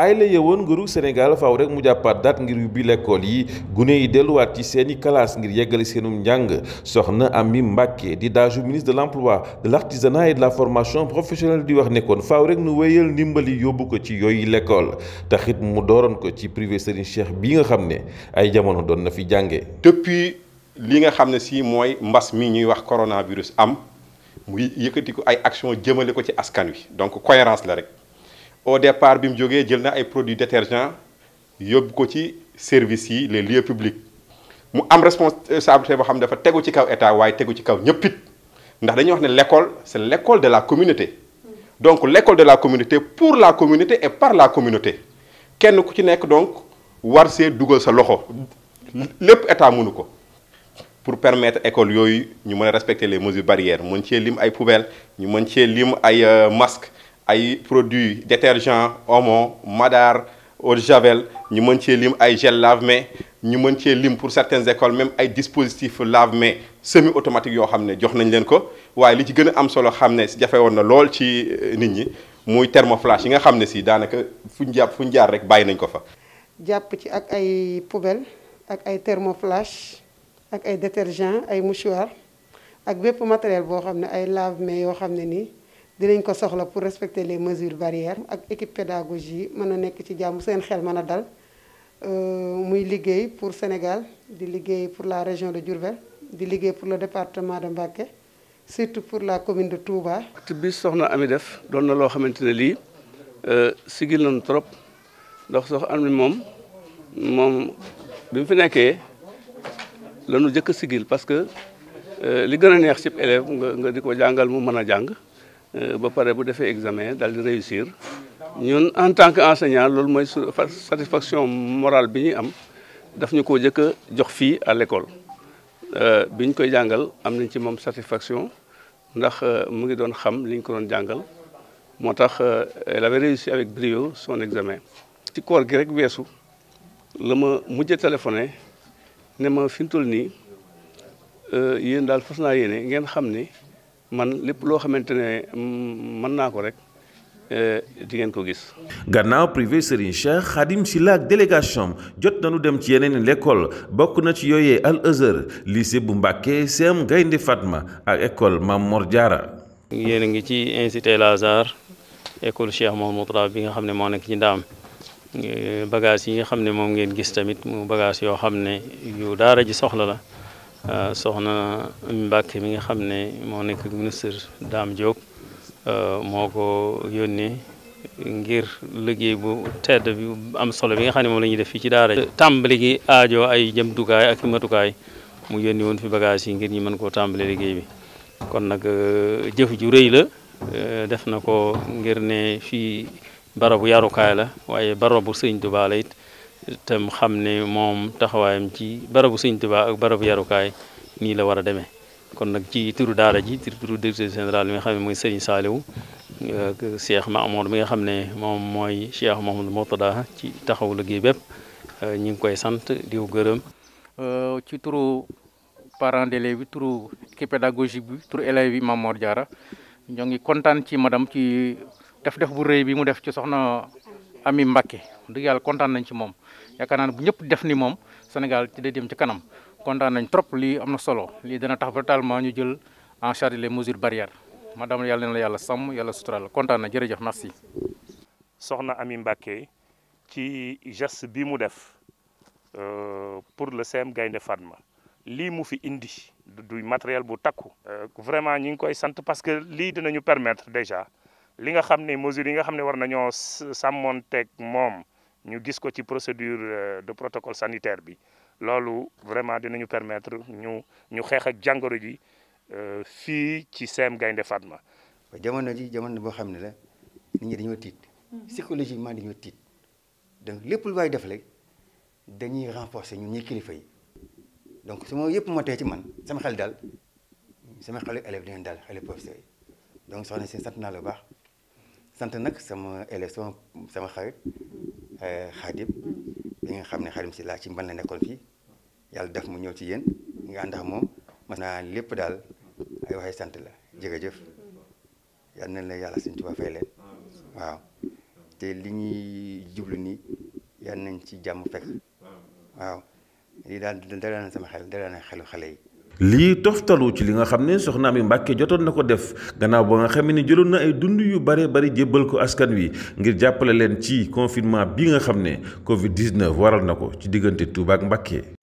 ay la yewoon senegal Sénégal faaw rek mu jàppaat date ngir yu bi lekkool yi gune yi delluwaat ci seni classe ngir yeggali senum njang soxna ami Mbacké di dajou ministre de l'emploi de l'artisanat et de la formation professionnelle di wax nekkoon faaw rek nu weyel nimbali yóbbu ko ci yoy lekkool taxit mu dooroon ko ci privé Serigne Cheikh bi nga xamne ay jamono don na fi jange depuis li nga xamne si moy mbass mi ñuy wax coronavirus am muy yëkkati ko ay action jëmale ko ci askan wi donc cohérence la rek au départ bi mu jógee produits détergents yóbbu ko services les lieux publics mu am responsabilité boo xam ne dafa tegu ci kaw état waaye tegu ci kaw ñëpp l'école c'est l'école de la communauté donc l'école de la communauté pour la communauté et par la communauté kenn ku ci donc war see dugal sa loxo lépp état mënu ko pour permettre école yooyu de respecter les mesures barrières mën cee lim ay poubelles ñu mën cee euh, masques ay produits détergent omo madar au javel ñu mën ci lim ay gel lave mais, ñu mën ci lim pour certaines écoles même ay dispositifs lave mais semi automatique yo xamné jox nañ leen ko waaye li ci gëna am solo xamné ne jafe woon na lool ci euh, nit ñi muy thermoflash yi nga xamné si daanaka fu ñu jàpp jaar rek bay nañ ko fa. japp ci ak ay poubelle ak ay thermoflash ak ay détergent ay mouchoir ak bépp matériel bo xamné ay lave mais yo xamné ni dinañ ko soxla pour respecter les mesures barrières ak équipe pédagogie mëna a nekk ci jamm seen xel mëna dal euh muy liggéey pour Sénégal di liggéey pour la région de Diourbel di liggéey pour le département de Mbacké surtout pour la commune de Touba. acte bi soxna Ami def doon na loo xamante ne lii euh, sigil nañu trop ndox sox Ami mom mom bimu mu fi nekkee la ñu sigil parce que euh, li gëna neex ci élève nga diko di jàngal mu mëna a jàng. Euh, ba paré bu défé examen dal di réussir ñun en tant que enseignant loolu mooy satisfaction morale bi ñi am daf ñu ko jëkk jox fi à l'école euh biñ koy jàngal am nañ ci mom satisfaction ndax euh, mu ngi doon xam li ñu ko doon jàngal motax tax euh, elle avait réussi avec brio son examen. ci koor gi rek wessu lama ma mujj téléphoné ne ma fi mu toll nii yéen daal fas naa ngeen xam ni. man lépp loo xamante ne mm, mën naa ko rek eh, di ngeen ko gis. gannaaw privé Serigne Cheikh Khadim si ak délégation jot nañu dem ci yeneen l'école bokk na ci yooyee Al Azhar lycée bu Mbacké CEM Gaynde Fatma ak école mam Mor Diarra. yéen a ngi ci incité Al Azhar école Cheikh Mouhamadou Mourtada bi nga xam ne moo nekk ci ndaam eh, bagage yi nga xam ne moom ngeen gis tamit mu bagage yoo xam ne yu daara ji soxla la. Euh, soxna Mbacke mi nga xam ne moo nekk ministre Dame Diop euh, moo ko yónnee ngir liggéey bu tedd bi am solo bi nga xam ne moom la def fii ci daara tàmbali gi aajo ay jëmtukaay ak matukaay mu yónni woon fi bagage yi ngir ñi mën koo tàmbale liggéey bi kon nag euh, jëf ju rëy la def na ko ngir ne fii barabu yarukaay la waaye barabu sëñ Tuubaa la it tam xam ne moom taxawaayam ci barabu Sëñ Tuubaa ak barabu yarukaay nii la war a demee kon nag ci turu daara ji ci turu directeur général bi nga xam ne mooy Serigne Saliou ak Cheikh Mamour mi nga xam ne moom mooy Cheikh Mouhamadou Mourtada ci taxawu liggéey bépp ñu ngi koy sant diw ko gërëm. Euh, ci turu parents d'élèves bi turu ki pédagogique bi turu élèves yi Mamour Diarra ñoo ngi kontaan ci madame ci def-def bu rëy bi mu def ci soxna. ami Mbacké dëgg yàlla kontaan nañ ci moom yaakaar naa bu ñëpp def ni moom Sénégal ci day dem ci kanam kontaan nañ trop lii am na solo lii dana tax brutalement ñu jël en charge les mesures barrières madame yàlla na la yàlla sàmm yàlla sutural kontaan na jërëjëf merci. soxna ami Mbacké ci geste bi mu def euh, pour le CEM Gaynde Fatma lii mu fi indi du matériel bu takku. Euh, vraiment ñu ngi koy sant parce que lii dinañu permettre déjà. li nga xam ne mesures yi nga xam ne war nañoo sàmmonteeg moom ñu gis ko ci procédure euh, de protocole sanitaire bi loolu vraiment dinañu permettre ñu ñu xeex ak jàngoro ji euh, fii ci CEM Gaynde Fatma. jamono ji jamono boo xam ne la nit ñi dañoo tiit. Mm. psychologiquement dañoo tiit donc lépp lu waay def rek dañuy renforcer ñun ñuy kilifa yi donc su ma yëpp motee ci man sama xel dal sama xelu élève dañu dal xelu professeur yi donc soxna si sant naa la baax. sant nag sama élève sama sama xarit xaadim eh, bi nga xam ne xaadim si laa ci mban la nekkoon fii yàlla def mu ñëw ci yéen nga ànd ak moom mas naa lépp daal ay waxee sant la jërëjëf yal na la yàlla suñ tuba leen waaw te jublu nii yal nañ ci jàmm fekk waaw lii daal dara na sama xel dara na xale yi li toftalu ci li nga xam ne soxna mi mbàkke jotoon na ko def gannaaw ba nga xamee ne jëloon na ay dund yu bare bari jébbal ko askan wi ngir jàppale leen ci confinement bi nga xam ne covid 19 waral na ko ci diggante tuubaag mbàkke